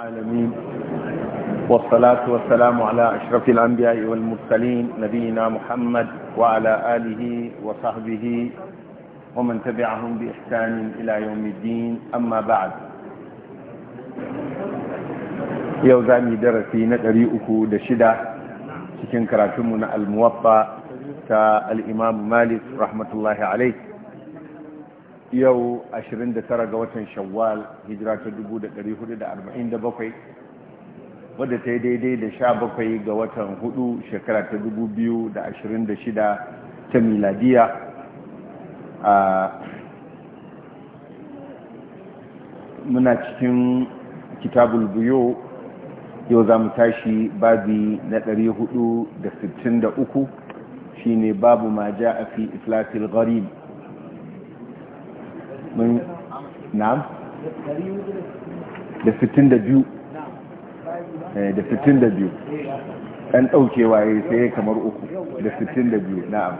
العالمين والصلاة والسلام على أشرف الأنبياء والمرسلين نبينا محمد وعلى آله وصحبه ومن تبعهم بإحسان إلى يوم الدين أما بعد يوزاني درسي ندري أكو دشدة شكن كراتمنا الموطأ كالإمام مالك رحمة الله عليه yau 29 ga watan shawwal hijira ta 1447 wadda ta yi daidai da 17 ga watan 4 shekara ta 2026 ta miladiya a muna cikin kitabul buyo yau za mu tashi babi na 463 shine babu ma ja a fi iflatil gharib mun na'am da 62 da 62 eh, ɗan ɗaukewa ya sai kamar uku da 62 na'am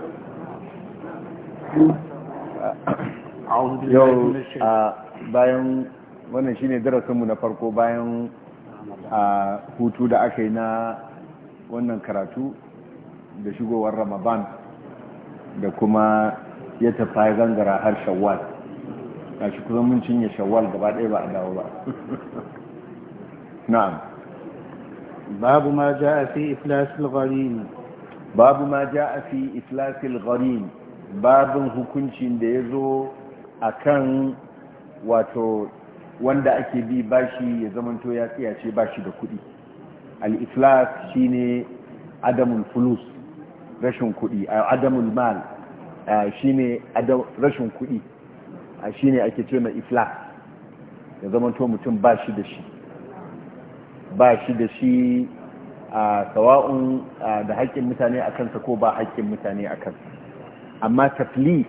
yau a bayan wannan shine darasinmu na farko bayan a hutu da aka yi na wannan karatu da shigowar ramadan da kuma ya tafi zangara har shawwal ga shi kusan mun cinye shawwal gaba ɗaya ba a dawo ba na'am babu ma ja'a fi iflasil gharin babu ma ja'a fi iflasil gharin babin hukuncin da ya zo a kan wato wanda ake bi bashi ya zamanto ya tsiyace bashi da kuɗi al-iflas shine adamul fulus rashin kuɗi adamul mal shine rashin kuɗi a shi ne ake ce mai iflas ya zama to mutum ba shi da shi ba shi da shi a sawa'un da haƙƙin mutane a kansa ko ba haƙƙin mutane a kansa amma tafli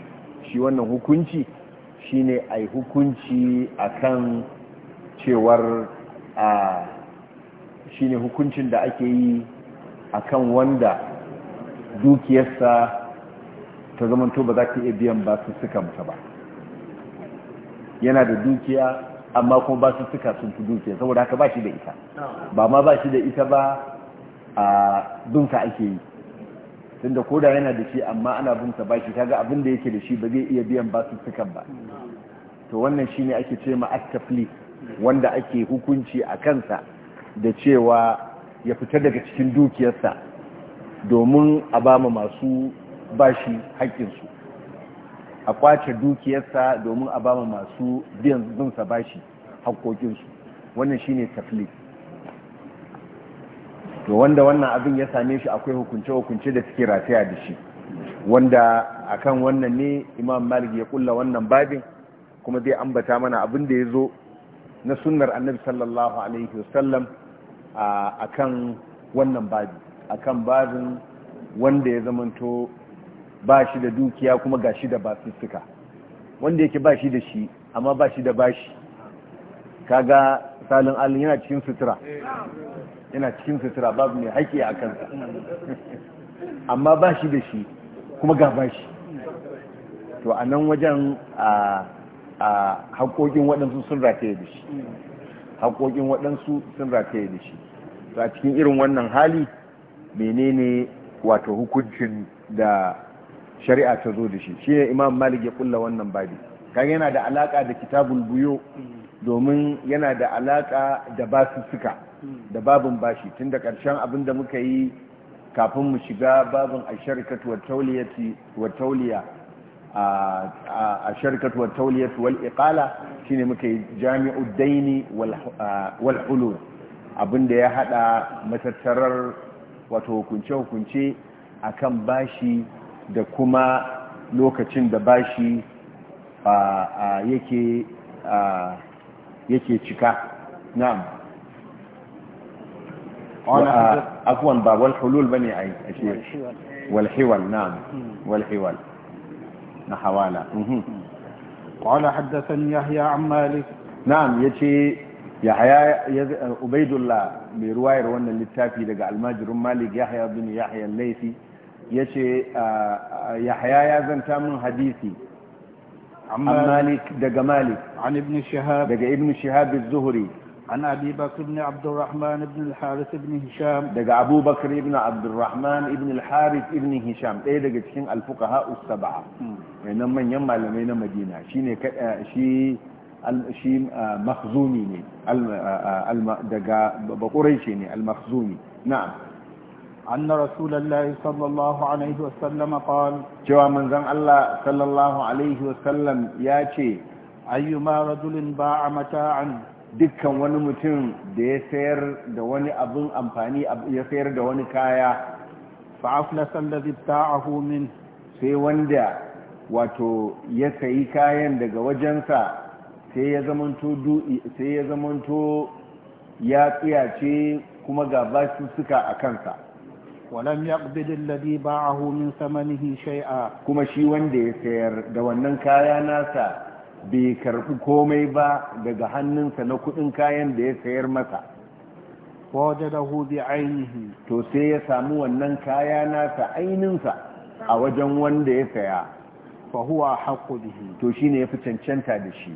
shi wannan hukunci shi ne a hukunci a kan cewar shi ne hukuncin da ake yi a kan wanda dukiyarsa ta zamanto ba za ta iya biyan ba su suka mutu ba yana da dukiya amma kuma ba su suka sun fi dukiya saboda haka ba shi da ita ba ma ba shi da ita ba a dunka ake yi tunda koda yana da shi amma ana bunta ba shi kaga abin da yake da shi ba zai iya biyan ba su suka ba to wannan shine ake ce ma attafli wanda ake hukunci a kansa da cewa ya fitar daga cikin dukiyarsa domin a ba masu bashi haƙƙinsu a kwace dukiyarsa domin a bama masu biyan zinsa bashi haƙoƙinsu wannan shine tafli to wanda wannan abin ya same shi akwai hukunce-hukunce da suke rataya da shi wanda akan wannan ne imam malik ya kulla wannan babin kuma zai ambata mana abin da ya zo na sunnar annabi sallallahu alaihi wasallam kan wannan babi akan babin wanda ya zamanto ba shi da dukiya kuma ga shi da basussuka wanda yake ba shi da shi amma ba shi da bashi kaga salin allon yana cikin sutura yana cikin sutura babu mai haƙi a kansa amma ba shi da shi kuma ga bashi to a nan wajen a haƙoƙin waɗansu sun rataye da shi haƙoƙin waɗansu sun rataye da shi to a cikin irin wannan hali menene wato hukuncin da shari'a ta zo da shi shi ne imam malik ya kulla wannan babi kan yana da alaka da kitabul buyo domin yana da alaka da basussuka da babin bashi tun da ƙarshen abin da muka yi kafin mu shiga babin a sharikatuwar tauliya a sharikatuwar tauliyatu wal iqala shine muka yi jami'u daini wal hulu abin da ya hada matattarar wato hukunce-hukunce akan bashi da kuma lokacin da bashi yake yake cika na'am afwan ba wal hulul bane ai ashe wal hiwal na'am hmm. wal hiwal na hawala qala haddathani yahya an malik na'am yace yahya ubaidullah mai ruwayar wannan littafi daga almajirin malik yahya bin yahya al-laythi yace yahya ya zanta min hadisi amma malik daga malik an ibn shihab daga ibn shihab az-zuhri عن أبي بكر بن عبد الرحمن بن الحارث بن هشام دقى أبو بكر بن عبد الرحمن بن الحارث بن هشام إيه دقى تشين الفقهاء السبعة يعني من يما لمين مدينة شيني ك... شي شي مخزومي دقى بقريشي المخزومي نعم أن رسول الله صلى الله عليه وسلم قال جوا من زن الله صلى الله عليه وسلم ياتي أيما رجل باع متاعا دكا ونمتن دي سير دواني أبن أمفاني أب يسير دواني كايا فأفلس الذي ابتاعه منه sai wanda wato ya sayi kayan daga wajensa sai ya zamanto ya tsiyace kuma ga basu suka a kansa ولم يقبض الذي باعه من ثمنه شيئا كما شي wanda ya sayar da wannan kaya nasa bai karbi komai ba daga hannunsa na kudin kayan da ya sayar masa wajadahu bi ainihi to sai ya sami wannan kaya nasa aininsa a wajen wanda ya saya fa huwa haqqu bihi to shine fi cancanta da shi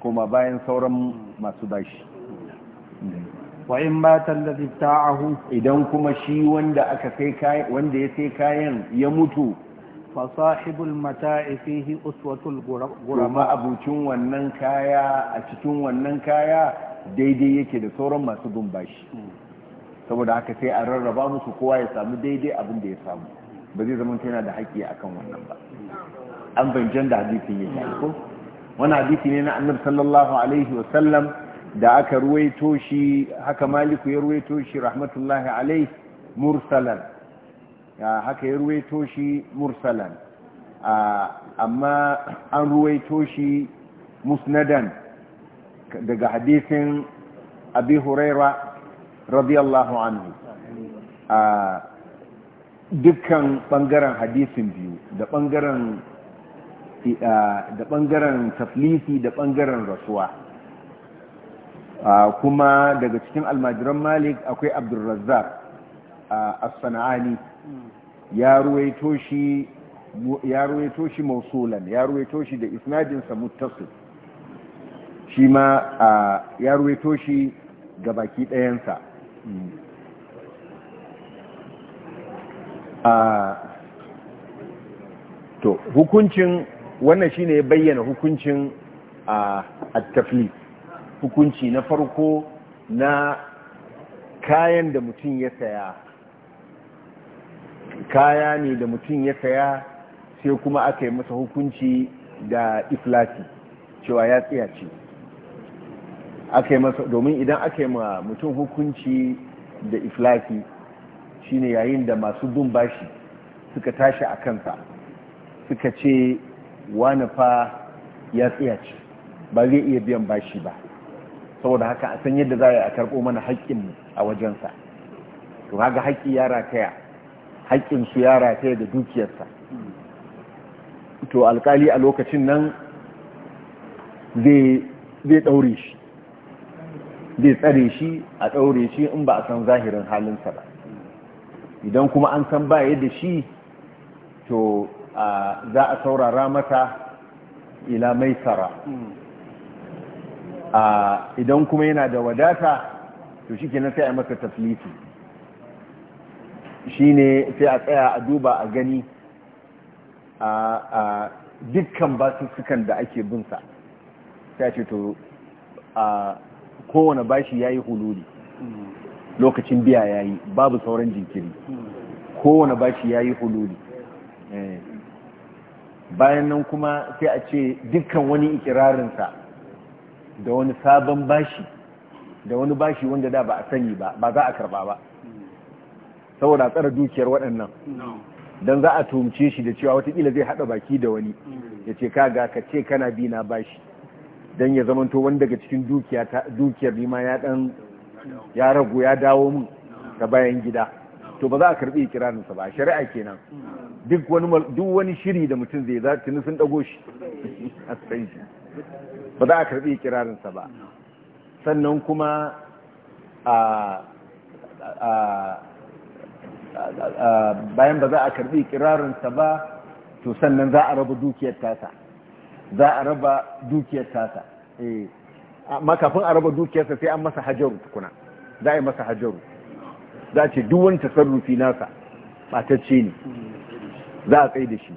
kuma bayan sauran masu bashi wa in mata allazi ta'ahu idan kuma shi wanda aka kayan wanda ya sai kayan ya mutu fasahibul sahibul mata'i fihi uswatul gurama abucin wannan kaya a cikin wannan kaya daidai yake da sauran masu bin hmm. saboda haka sai a rarraba musu kowa ya samu daidai abin da ya samu ba zai zama yana da haƙƙi akan wannan ba an banjan da ne yake ko wani hadisi ne na annabi sallallahu alaihi wa sallam da aka ruwaito shi haka maliku ya ruwaito shi rahmatullahi alai mursalan haka ya ruwaito shi mursalan amma an ruwaito shi musnadan daga hadisin abi huraira radiyallahu anhu dukkan bangaren hadisin biyu da bangaren da bangaren taflisi da bangaren rasuwa kuma daga cikin almajiran malik akwai abdulrazzak a sanaani ya ruwaito shi ya mausulan ya ruwaito shi da isnadinsa muttasil shi ma ya ruwaito shi ga baki ɗayansa to hukuncin wannan shine ya bayyana hukuncin a taflit hukunci na farko na kayan da mutum ya saya kaya ne da mutum ya saya sai kuma aka yi masa hukunci da iflati cewa ya tsiyace aka yi masa domin idan aka yi ma mutum hukunci da iflati shine yayin da masu bin bashi suka tashi a kansa suka ce wani fa ya tsiyace ba zai iya biyan bashi ba saboda haka a san yadda za a karɓo mana haƙƙin a wajensa to haka haƙƙi ya rataya haƙƙinsu ya rataya da dukiyarsa to alƙali a lokacin nan zai ɗaure shi zai tsare shi a ɗaure shi in ba a san zahirin halinsa ba idan kuma an san baya da shi to za a saurara mata ila mai tsara. Hmm. idan kuma yana da wadata to shi kenan sai a masa tafliti shi ne sai a tsaya a duba a gani a dukkan basussukan da ake binsa sai a ce to kowane bashi ya yi hululi lokacin biya ya yi babu sauran jinkiri kowane bashi ya yi hululi eh. bayan nan kuma sai a ce dukkan wani ikirarinsa da wani sabon bashi da wani bashi wanda da ba a sani ba ba za a karba ba saboda tsara dukiyar waɗannan don za a tumce shi da cewa watakila zai haɗa baki da wani ya ce kaga ka ce kana bi na bashi don ya zamanto wani daga cikin dukiyar nima ya ɗan ya ragu ya dawo mun ta bayan gida to ba za a karɓi ikirarinsa ba shari'a kenan duk wani shiri da mutum zai za tuni sun ɗago shi a shi ba za a karbi kirarinsa ba sannan kuma bayan ba za a karbi kirarinsa ba to sannan za a raba dukiyar tasa za a raba dukiyar tasa eh, amma kafin a raba dukiyarsa sai an masa hajaru tukuna za a yi masa hajaru za a ce sarrufi nasa ba nasa ɓatacce ne za a tsaye da shi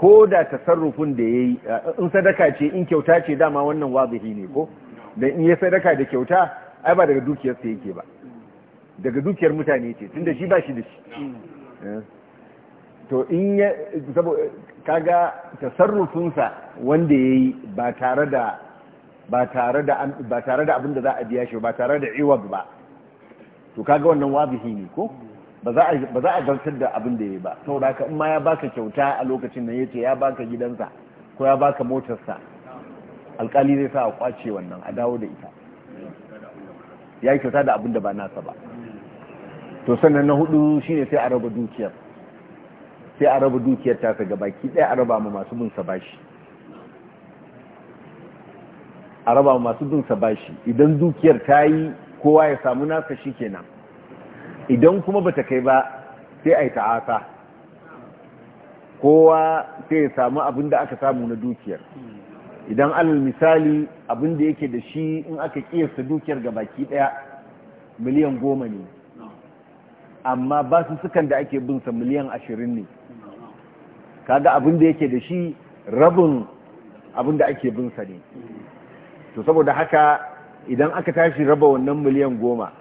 ko da tasarrufin da ya yi in sadaka ce in kyauta ce dama wannan wazihi ne ko da in ya sadaka da kyauta ai ba daga dukiyar sa yake ba daga dukiyar mutane ce tunda shi ba shi da shi eh. to in ya kaga sa wanda ya yi ba tare da ba tare da ba tare da abin da za a biya shi ba tare da iwab ba to kaga wannan wazihi ne ko ba za a gantar da abin da ya ba saboda haka in ma ya baka kyauta a lokacin da ya ce ya baka gidansa ko ya baka motarsa alkali zai sa a kwace wannan a dawo da ita ya yi kyauta da abin da ba nasa ba to sannan na hudu shine sai a raba dukiyar sai a raba dukiyar ta ga baki ɗaya a raba ma masu bin bashi a raba ma masu bin idan dukiyar ta yi kowa ya samu nasa shi shikenan idan kuma bata kai ba sai a yi ta'asa kowa sai ya samu abin da aka samu na dukiyar idan alal misali abin da yake da shi in aka kiyasta dukiyar ga baki daya miliyan goma ne amma ba su sukan da ake binsa miliyan ashirin ne kaga abin da yake da shi rabin abin da ake binsa ne to saboda haka idan aka tashi raba wannan miliyan goma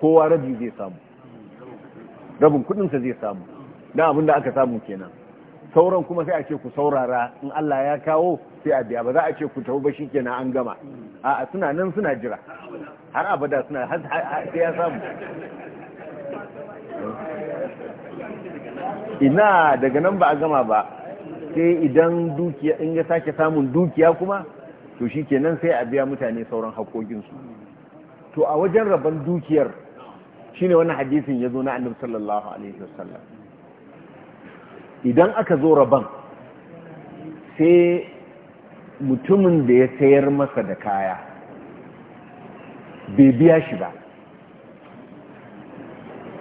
kowa rabi zai samu rabin kudinsa zai samu na abin da aka samu kenan sauran kuma sai a ce ku saurara in Allah ya kawo sai a biya ba za a ce ku tafi ba shi kenan an gama a suna nan suna jira har abada suna sai ya samu ina daga nan ba a gama ba sai idan dukiya in ya sake samun dukiya kuma to shi kenan sai a biya mutane sauran haƙoƙinsu to a wajen rabon dukiyar shine wannan hadisin ya zo na annabi sallallahu alaihi wasallam idan aka zo rabon sai mutumin da ya sayar masa da kaya bai biya shi ba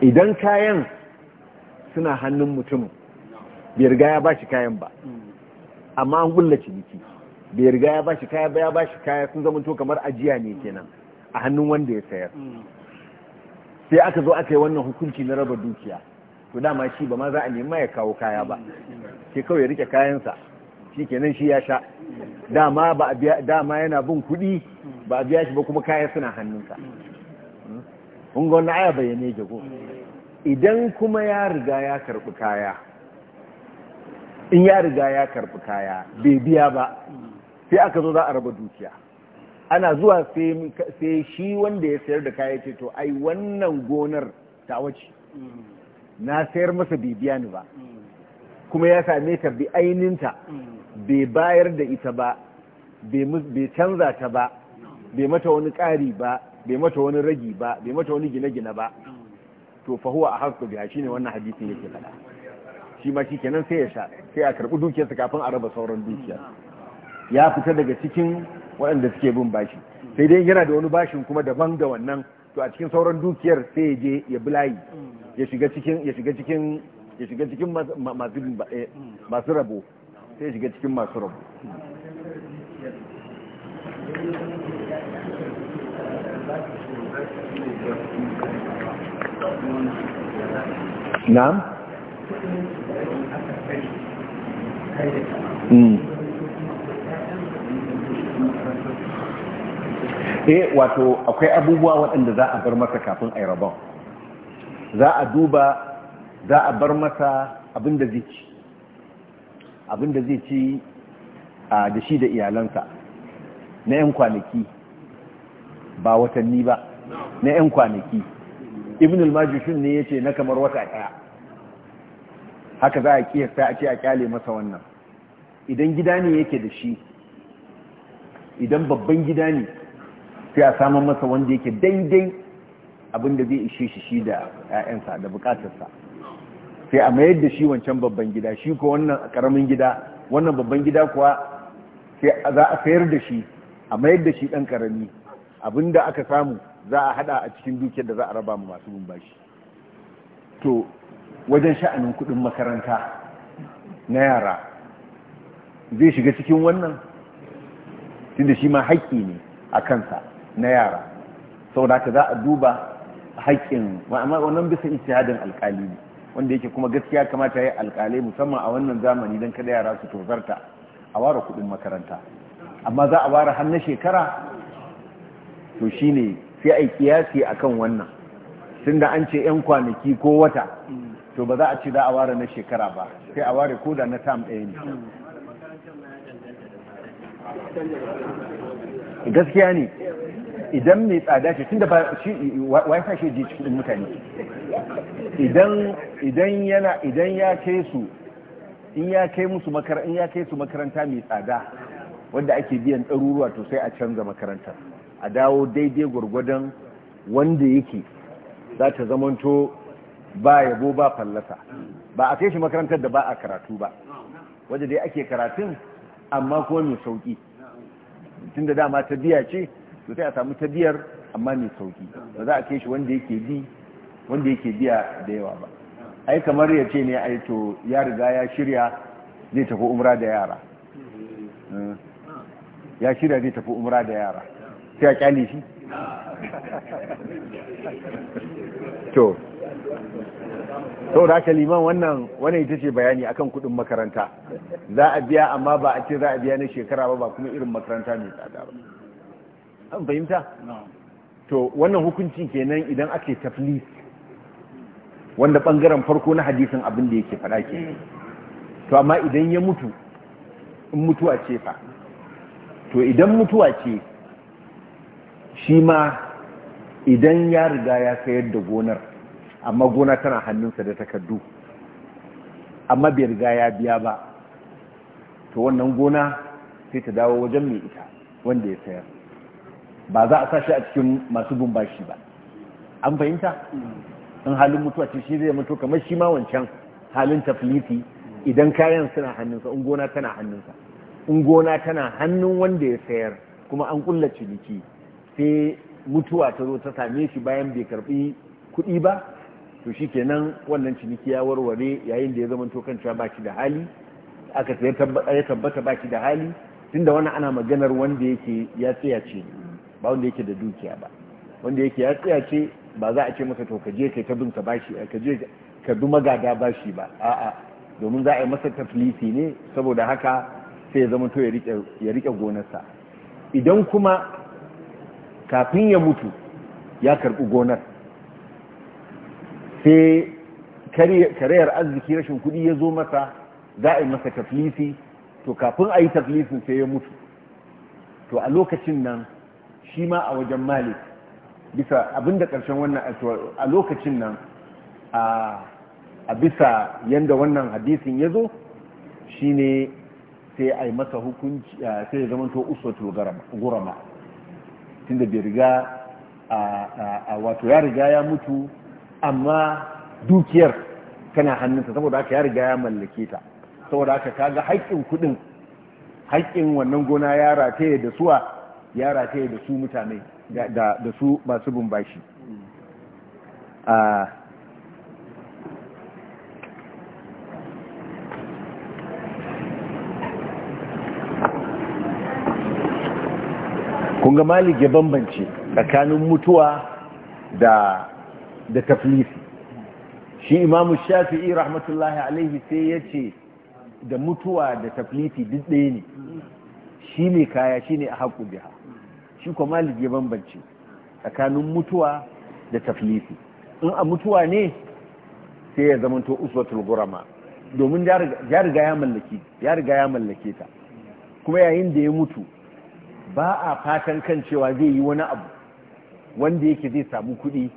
idan kayan suna hannun mutumin bai riga ya ba shi kayan ba amma an gulla ciniki bai riga ya ba shi kaya ba ya ba shi kaya sun zama to kamar ajiya ne kenan a hannun wanda ya sayar sai aka zo aka yi wannan hukunci na raba dukiya to dama shi ba ma za a nema ya kawo kaya ba sai kawai ya rike kayansa shi kenan shi ya sha dama ba dama yana bin kuɗi ba a biya shi ba kuma kaya suna hannunka. Hmm? kun ga aya bayyane jago idan kuma ya riga ya karɓi kaya in ya riga ya karɓi kaya bai biya ba sai aka zo za a raba dukiya ana zuwa sai shi wanda ya sayar da kaya ce to ai wannan gonar ta wace na sayar masa bibiya ni ba kuma ya same ta bi aininta bai bayar da ita ba bai canza ta ba bai mata wani ƙari ba bai mata wani ragi ba bai mata wani gine-gine ba to fa huwa ahqqu biha shine wannan hadisin yake faɗa shi ma shi kenan sai ya sha sai a karbi dukiyarsa kafin a raba sauran dukiya ya fita daga cikin waɗanda suke bin bashi sai dai yana da wani bashin kuma daban ga wannan to a cikin sauran dukiyar sai ya je ya bulayi ya shiga cikin ya shiga cikin ya shiga cikin masu eh, rabo sai ya shiga cikin masu rabo na'am hmm. sai wato akwai abubuwa waɗanda za a bar masa kafin a yi rabon za a duba za a bar masa abin zai ci abin da zai ci da shi da iyalansa na 'yan kwanaki ba watanni ba na 'yan kwanaki ibn al majushin ne ya ce na kamar wata ɗaya haka za a kiyasta a ce a kyale masa wannan idan gida ne yake da shi idan babban gida ne sai a samun masa wanda yake daidai abinda zai ishe shi shi da 'ya'yansa da bukatarsa sai a mayar da shi wancan babban gida shi ko wannan karamin gida wannan babban gida kuwa sai za a sayar da shi a mayar da shi ɗan karami abinda aka samu za a hada a cikin dukiyar da za a raba masu bin to wajen sha'anin kudin makaranta na yara zai shiga cikin wannan tunda shi ma haƙƙi ne a kansa na yara saboda haka za a duba haƙƙin amma wannan bisa ijtihadin alƙali ne wanda yake kuma gaskiya kamata ya yi alƙalai musamman a wannan zamani don kada yara su tozarta a ware kuɗin makaranta amma za a ware har na shekara to shi ne sai a yi kiyasi kan wannan tun da an ce 'yan kwanaki ko wata to ba za a ce za a ware na shekara ba sai a ware ko da na tam ɗaya ne gaskiya ne idan mai tsada ce tun da ba shi wai sa shi ji cikin mutane idan yana idan ya kai su in ya kai musu makaranta in ya kai su makaranta mai tsada wanda ake biyan ɗaruruwa to sai a canza makaranta a dawo daidai gwargwadon wanda yake za ta zamanto ba yabo ba fallasa ba a kai shi makarantar da ba a karatu ba wadda dai ake karatun amma kuma mai sauƙi tun da dama ta biya ce to sai a samu ta biyar amma mai sauki ba za a kai shi wanda yake bi wanda yake biya da yawa ba ai kamar ya ce ne ai to ya riga ya shirya zai tafi umra da yara eh. ya shirya zai tafi umra da yara sai a kyale shi to to da ka liman wannan wani ita ce bayani akan kudin makaranta za a biya amma ba a ce za a biya na shekara ba ba kuma irin makaranta ne tsada ba an fahimta to wannan hukunci kenan idan ake taflis wanda bangaren farko na hadisin abin da yake faɗa ke to amma idan ya mutu in mutuwa ce fa to idan mutuwa ce shi ma idan ya riga ya sayar da gonar amma gona tana hannunsa da takardu amma bai riga ya biya ba to wannan gona sai ta dawo wajen mai ita wanda ya sayar ba za a sashi a cikin masu bin ba an fahimta in halin mutuwa ce shi zai mutu kamar shi ma wancan halin tafliti idan kayan suna hannunsa in gona tana hannunsa in gona tana hannun wanda ya sayar kuma an kulla ciniki sai mutuwa ta zo ta same shi bayan bai karbi kuɗi ba to shi kenan wannan ciniki ya warware yayin da ya zama to kan ba shi da hali aka sai ya tabbata ba shi da hali tunda wannan ana maganar wanda yake ya tsaya ce ba wanda yake da dukiya ba wanda yake ya tsaya ce ba za a ce masa to kaje je kai ta binsa bashi ka je ka duma magada bashi ba a'a domin za a yi masa taflisi ne saboda haka sai ya zama to ya rike gonarsa idan kuma kafin ya mutu ya karɓi gonar sai karayar arziki rashin kuɗi ya zo masa za a yi masa taflisi to kafin a yi taflisin sai ya mutu to a lokacin nan shi ma a wajen malik bisa abinda karshen wannan a lokacin nan a bisa yadda wannan hadisin ya zo shi ne sai a yi masa hukunci sai ya zama to uswatul gurama Tunda bai riga a wato ya riga ya mutu amma dukiyar tana hannunsa saboda haka ya riga ya mallake ta saboda haka kaga haƙƙin kuɗin haƙƙin wannan gona ya rataye da suwa ya rataye da su mutane da su masu bumbashi a kunga malik ya bambance tsakanin mutuwa da da shi imamu shafi'i rahmatullahi alaihi sai ya ce da mutuwa da tafliti duk ɗaya ne shi ne kaya shi ne a haƙu biya shi ko malik ya bambance tsakanin mutuwa da taflisi in a mutuwa ne sai ya zamanto uswatul gurama domin ya riga ya mallaki ya riga ya mallake ta kuma yayin da ya mutu ba a fatan kan cewa zai yi wani abu wanda yake zai samu kuɗi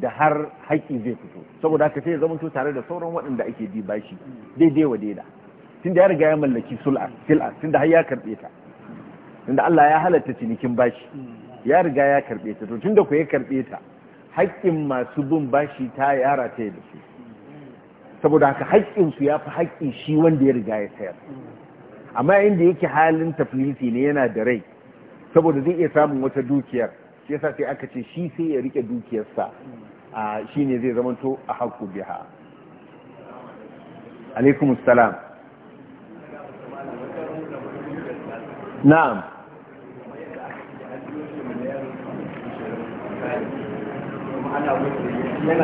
da har haƙƙi zai fito saboda haka sai ya zamanto tare da sauran waɗanda ake bi bashi daidai wa daida tun da ya riga ya mallaki sul'a tun da har ya karɓe ta tunda Allah ya halatta cinikin bashi ya riga ya karbe ta to tunda ku ya karbe ta haƙƙin masu bin bashi ta yara ta da su saboda haka haƙƙin su ya fi haƙƙi shi wanda ya riga ya sayar amma inda yake halin tafiliti ne yana da rai saboda zai iya samun wata dukiyar shi yasa sai aka ce shi sai ya rike dukiyarsa a shine zai zamanto a haƙƙu biha alaikum salam na'am ana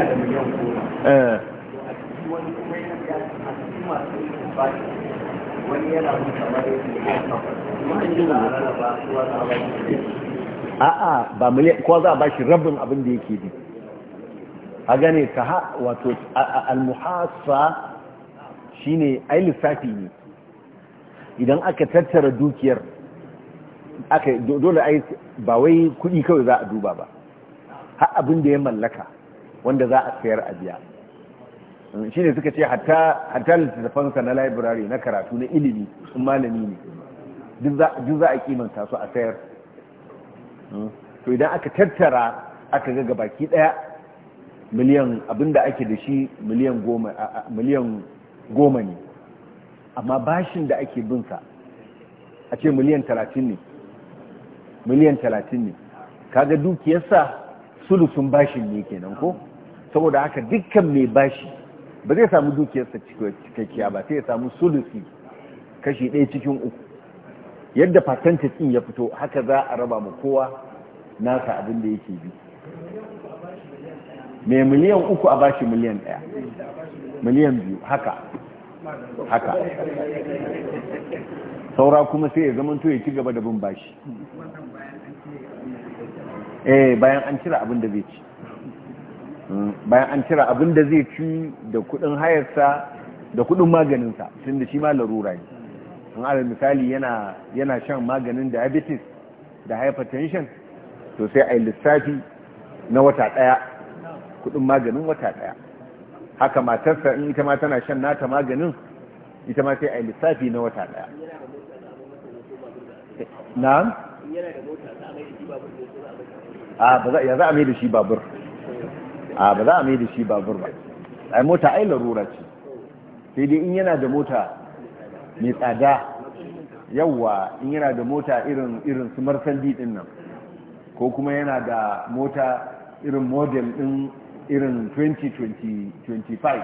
a'a ba miliyan ko za a bashi rabin abin da yake bi a gane ka ha wato al shine ai lissafi ne idan aka tattara dukiyar aka dole ai ba wai kudi kawai za a duba ba har abin da ya mallaka wanda za a sayar a biya shi ne suka ce hatta littattafansa na library na karatu na ilimi sun malami ne duk za a kimanta su a sayar hmm. to idan aka tattara aka ga gabaki daya miliyan abin da ake da shi miliyan goma ne amma bashin da ake binsa a ce miliyan talatin ne miliyan talatin ne kaga dukiyarsa sulusun bashin ne kenan ko saboda haka dukkan mai bashi ba zai samu dukiyarsa cikakkiya ba sai ya samu sulusi kashi ɗaya cikin uku yadda fatanta tsin ya fito haka za a raba mu kowa nasa abin da yake bi mai miliyan uku a bashi miliyan ɗaya miliyan biyu haka haka saura kuma sai ya zamanto ya ci gaba da bin bashi eh bayan an cire abin da zai ci hmm, bayan an cire abin da zai ci da kudin hayarsa da kudin maganinsa tun da shi ma larura ne an ala misali yana yana shan maganin diabetes da hypertension to sai a yi lissafi na wata daya kudin maganin wata daya haka matarsa in ita ma tana shan nata maganin ita ma sai a yi lissafi na wata daya eh, na? yana da mota a ba za ya za a mai da shi babur a ba za a mai da shi babur ba a mota ai larura ce sai dai in yana da mota mai tsada yawwa in yana da mota irin irin su marsandi din nan ko kuma yana da mota irin model din irin 2025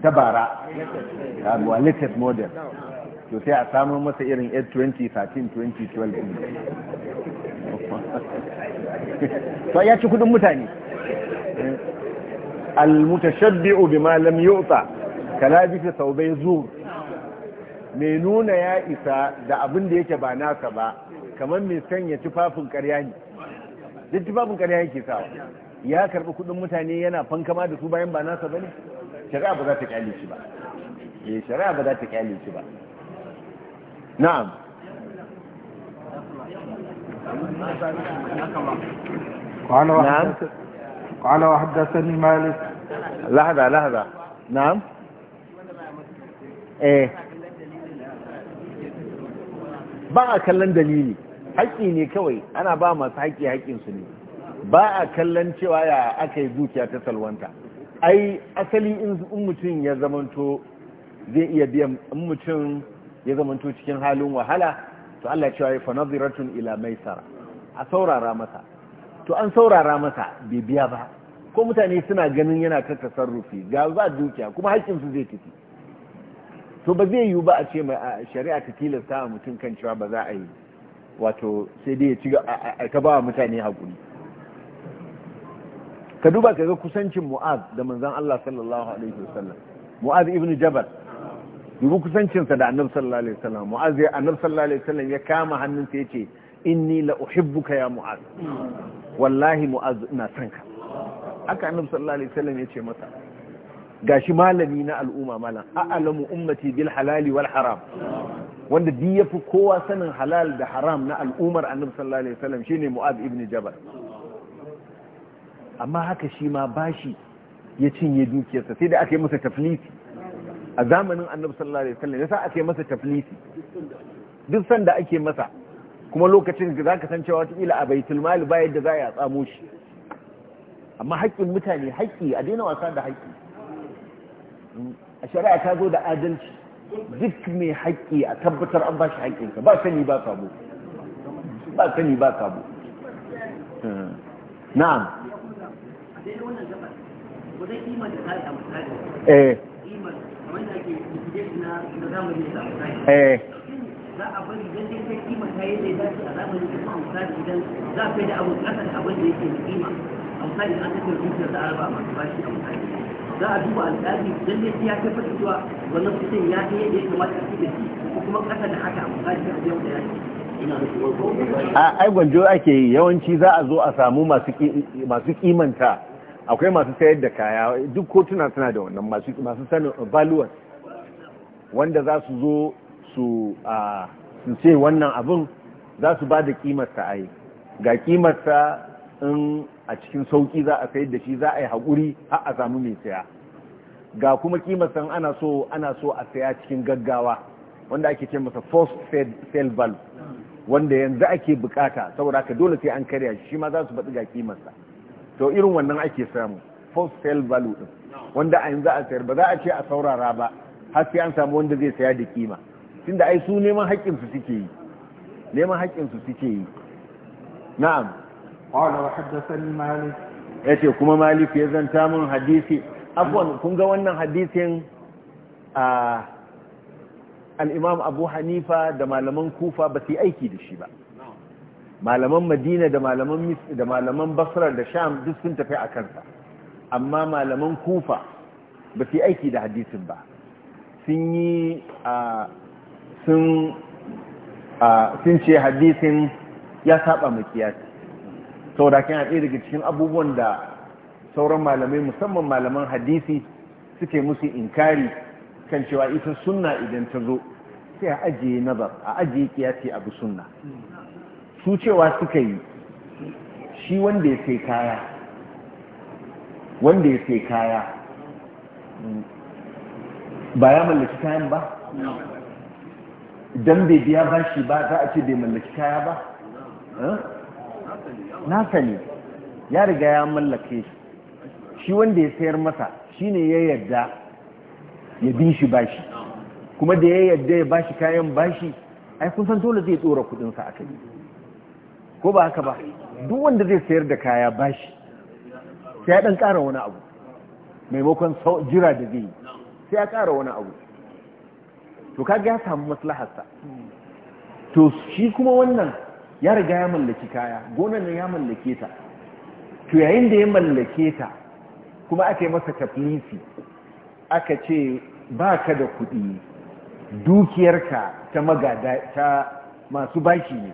ta bara a latest model to sai a samun masa irin 820 13 2012 to ya ci kudin mutane al-mutashabbi'u bima lam yu'ta kalabisa saubay zur Me nuna ya isa da abin da yake ba nasa ba kamar me sanya tufafin karya ne duk tufafin karya yake sawa ya karbi kudin mutane yana fankama da su bayan ba nasa bane shari'a ba za ta kyale shi ba eh shari'a ba za ta kyale shi ba na'am قال نعم قال وحدثني مالك لحظة لحظة kallon dalili haƙƙi ne kawai ana ba masu haƙƙi haƙƙinsu ne ba kallon cewa ya aka yi dukiya ta salwanta ai asali in mutum ya zamanto zai iya biyan in mutum ya zamanto cikin halin wahala to Allah cewa ya fanaziratun ila maisara a saurara masa to an saurara masa bai biya ba ko mutane suna ganin yana ta tasarrufi ga ba dukiya kuma haƙƙinsu zai tafi to ba zai yiwu ba a ce shari'a ta tilasta wa mutum kan cewa ba za a yi wato sai dai ya ci ta ba wa mutane haƙuri ka duba ka ga kusancin mu'az da manzon Allah sallallahu alaihi wasallam mu'az ibnu jabal dubi kusancinsa da annabi sallallahu alaihi wasallam mu'az ya annabi sallallahu alaihi wasallam ya kama hannunsa yace inni la uhibbuka ya mu'az wallahi mu'az ina son ka haka annabi sallallahu alaihi wasallam yace masa gashi malami na al'umma malam a'lamu ummati bil halali wal haram wanda duk yafi kowa sanin halal da haram na al'ummar annabi sallallahu alaihi wasallam shine mu'az ibn jabal amma haka shi ma bashi ya cinye dukiyarsa sai da aka yi masa tafliti a zamanin annabi sallallahu alaihi wasallam yasa ake masa taflisi duk sanda ake masa kuma lokacin da zaka san cewa wataƙila a baitul mal ba yadda za a tsamo shi amma haƙƙin mutane haƙƙi a daina wasa da haƙƙi a shari'a ta zo da adalci duk mai haƙƙi a tabbatar an ba shi haƙƙinsa ba sani ba sabo ba sani ba sabo na'am Eh. a ai gwanjo ake yi yawanci za a zo a samu masu kimanta akwai masu sayar da kaya duk kotuna suna da wannan masu sanin wanda za su zo su ce wannan abin za su ba da kimarsa a yi ga kimarsa in a cikin sauki za a sayar da shi za a yi haƙuri har a samu mai saya ga kuma kimarsa ana so ana so a saya cikin gaggawa wanda ake ce masa force sale valve wanda yanzu ake bukata saboda ka dole sai an karya shi ma za su faɗi ga kimarsa to irin wannan ake samu force sale value din wanda a yanzu a sayar ba za a ce a saurara ba har sai an samu wanda zai saya da kima tunda ai su neman haƙƙin su suke yi neman haƙƙin su suke yi na'am qala wa haddathani malik yace kuma malik ya zanta mun hadisi afwan kun ga wannan hadisin a al-imam abu hanifa da malaman kufa ba su aiki da shi ba malaman madina da malaman da malaman basra da sham duk sun tafi a kansa amma malaman kufa ba su aiki da hadisin ba sun yi sun sun ce hadisin ya saba makiyasi saboda kan ɗaya daga cikin abubuwan da sauran malamai musamman malaman hadisi suke musu inkari kan cewa ita sunna idan ta zo sai a ajiye nazar a ajiye kiyasi abu sunna su cewa suka yi shi wanda ya sai kaya wanda ya sai kaya ba ya mallaki kayan ba idan bai biya bashi ba za a ce bai mallaki kaya ba eh? na sani ya riga ya mallake shi shi wanda ya sayar masa shi ne ya yarda ya bi shi bashi kuma da ya yarda ya bashi kayan bashi ai kun san dole zai tsora kudinsa a kai ko ba haka ba duk wanda zai sayar da kaya bashi sai ya dan kara wani abu maimakon jira da zai yi sai ya kara wani abu to kaga ya samu maslaharsa to shi kuma wannan ya riga ya mallaki kaya gonan ya mallake ta to yayin da ya mallake ta kuma aka yi masa taflisi aka ce ba ka da kuɗi dukiyarka ta magada ta masu bashi ne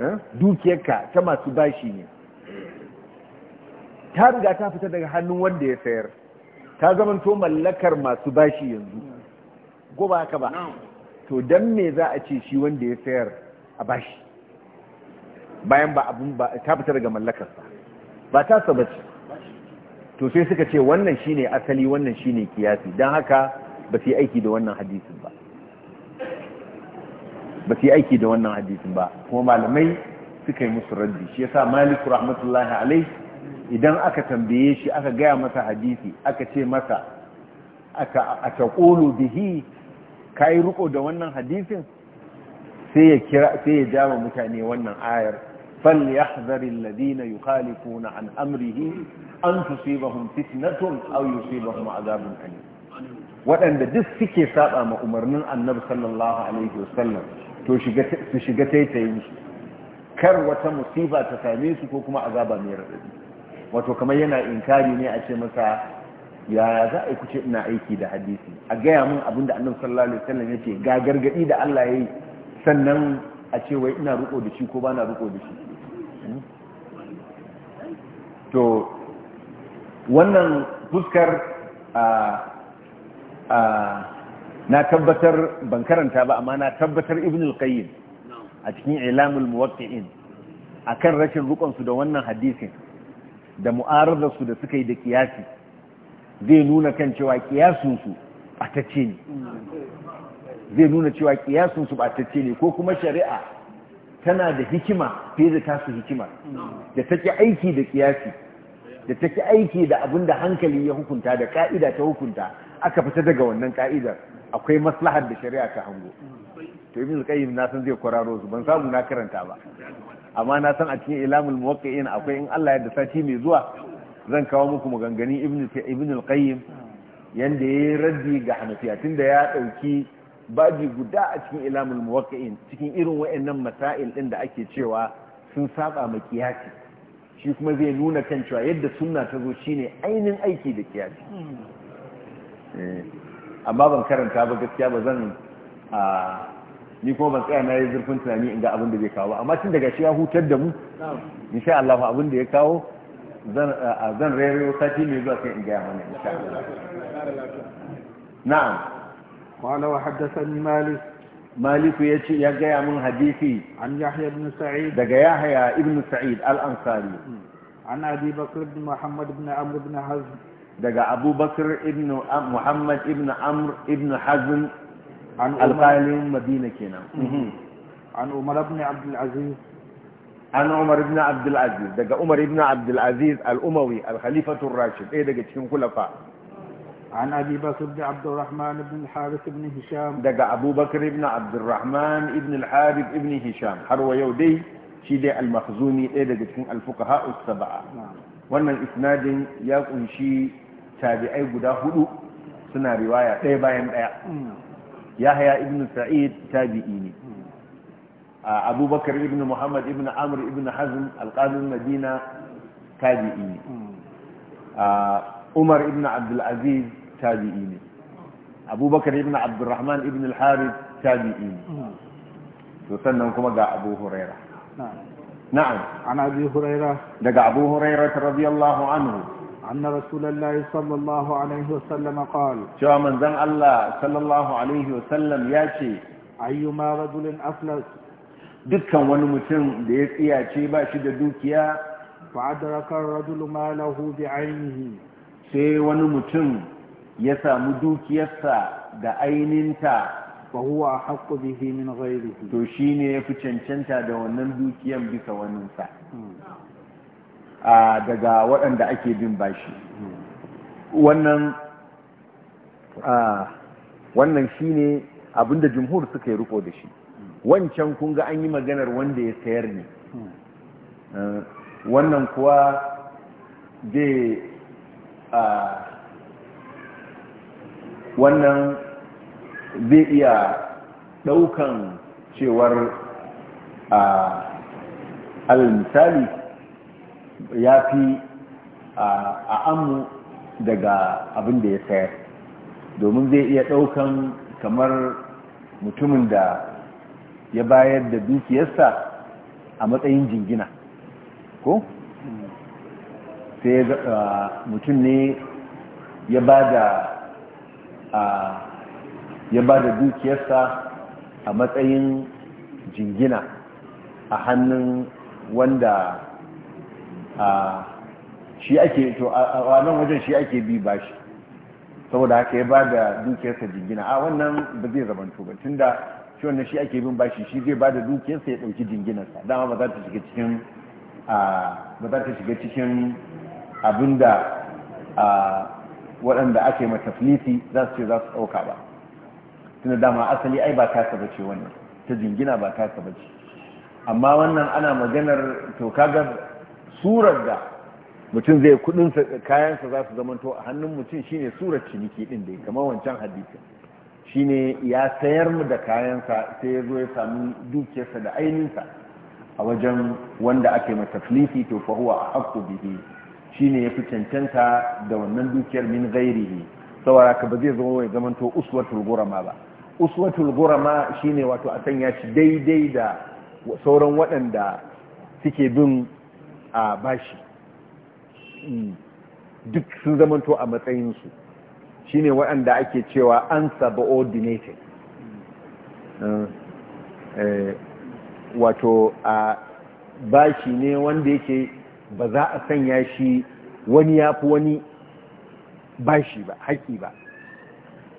eh? dukiyarka ta masu bashi ne ta riga ta fita daga hannun wanda ya sayar ta zamanto mallakar masu bashi yanzu ko ba haka ba to dan me za a ce shi wanda ya sayar a bashi bayan ba abun ba ta fita daga mallakarsa ba ta sabace to sai suka ce wannan shine asali wannan shine kiyasi dan haka ba su yi aiki da wannan hadisin ba ba su yi aiki da wannan hadisin ba kuma malamai suka yi musu raddi shi yasa malik rahmatullahi alaihi idan aka tambaye shi aka gaya masa hadisi aka ce masa a taƙolo bihi ka yi riko da wannan hadisin sai ya kira sai ya jama mutane wannan ayar fal yahzaril ladina yukhalifuna an amrihi an tusibahum fitnatun aw yusibahum azabun alim waɗanda duk suke saba ma umarnin annabi sallallahu alaihi wasallam to shiga su shiga taitayin su kar wata musiba ta same su ko kuma azaba mai radadi wato kamar yana inkari ne a ce masa ya za a yi kuce ina aiki da hadisi a gaya min abin da annabi sallallahu alaihi wasallam ya ce ga gargadi da Allah yayi sannan a ce wai ina riko da shi ko ba na riko da shi hmm? to wannan fuskar na tabbatar ban karanta ba amma na tabbatar ibn al-qayyim a cikin ilamul muwaqqi'in akan rashin su da wannan hadisin da su da suka yi da kiyasi zai nuna kan cewa kiyasunsu ce ne zai nuna cewa kiyasunsu ce ne ko kuma shari'a tana da hikima fiye da tasu hikima da take aiki da kiyasi da take aiki da abin da hankali ya hukunta da ka'ida ta hukunta aka fita daga wannan ka'idar akwai maslahar da shari'a ta hango to yi min zai kwararo su ban samu na karanta ba amma na san a cikin ilamul muwaqqi'in akwai in Allah ya da sati mai zuwa zan kawo muku maganganun ibn ibnu al-qayyim yanda yayi raddi ga hanafiya tunda ya dauki baji guda a cikin ilamul muwaqqi'in cikin irin wayannan masail din da ake cewa sun saba ma kiyasi shi kuma zai nuna kan cewa yadda sunna ta zo shine ainin aiki da kiyasi eh, amma ban karanta ba gaskiya ba zan ah, ni kuma ban tsaya na yi zurfin tunani in ga abin da zai kawo amma tun daga shi ya hutar da mu insha Allah abin da ya kawo zan rairayo sati mai zuwa sai in gaya mana insha Allah na'am qala wa haddathani malik malik ya ce ya gaya mun hadisi an yahya ibn sa'id daga yahya ibn sa'id al-ansari hmm. an abi bakr ibn muhammad ibn amr ibn hazm daga abubakar ibn muhammad ibn amr ibn hazm alƙalin madina kenan an umar ibn abdulaziz an umar ibn abdulaziz daga umar ibn abdulaziz al'umawi alhalifatun rashid ɗaya daga cikin kulafa an abi basir da ibn harith ibn hisham daga abubakar ibn abdurrahman ibn harith ibn hisham har wa yau dai shi dai almakhzumi ɗaya daga cikin alfuqaha as-saba'a wannan isnadin ya kunshi tabi'ai guda huɗu suna riwaya ɗaya bayan ɗaya yahya ibn sa'id tabi'i ne abubakar ibn muhammad ibn amr ibn hazm alqadim madina tabi'i ne umar ibn abdul aziz tabi'i ne abubakar ibn abdurrahman ibn al-harith tabi'i ne to sannan kuma ga abu huraira na'am an abi huraira daga abu huraira radiyallahu anhu أن رسول الله صلى الله عليه وسلم قال شو من ذن الله صلى الله عليه وسلم ياتي أيما رجل أفلس دكا ونمتن ديك ياتي باشي دوكيا فأدرك الرجل ما له بعينه sai wani mutum ya samu dukiyarsa da aininta fa huwa haqqu bihi min ghayrihi to shine yafi cancanta da wannan dukiyar bisa waninsa daga waɗanda ake bin bashi wannan wannan shine abinda jumhur suka yi riko da shi wancan kun ga an yi maganar wanda ya sayar ne wannan kuwa zai wannan zai iya ɗaukan cewar al misali ya fi a amu daga abin da ya sayar domin zai iya ɗaukan kamar mutumin da ya bayar da dukiyarsa a matsayin jingina ko? sai mutum ne ya ba da dukiyarsa a matsayin jingina a hannun wanda a shi ake to a nan wajen shi ake bi ba shi saboda haka ya ba da dukiyarsa jingina a wannan ba zai zamanto ba tunda shi wannan shi ake bin bashi shi zai ba da dukiyarsa ya ɗauki jinginarsa dama ba za ta shiga cikin ba za ta shiga cikin abin da waɗanda ake mata filiti za su ce za su ɗauka ba tunda dama asali ai ba ba ce wannan ta jingina ba ba ce. amma wannan ana maganar to kagar. surar da mutum zai kudin kayansa za su zamanto a hannun mutum shine surar ciniki ɗin da kamar wancan hadisin shine ya sayar mu da kayansa sai ya zo ya sami dukiyarsa da ainihinsa a wajen wanda ake matafilifi filifi to fa huwa bihi shine ya fi cancanta da wannan dukiyar min gairihi saboda ka ba zai zo ya zamanto uswatul gurama ba uswatul gurama shine wato a sanya shi daidai da sauran waɗanda suke bin a bashi duk sun zamanto a matsayinsu shi ne waɗanda ake cewa an subordinated eh, wato a bashi ne wanda yake ba za a sanya shi wani ya fi wani bashi ba haƙi ba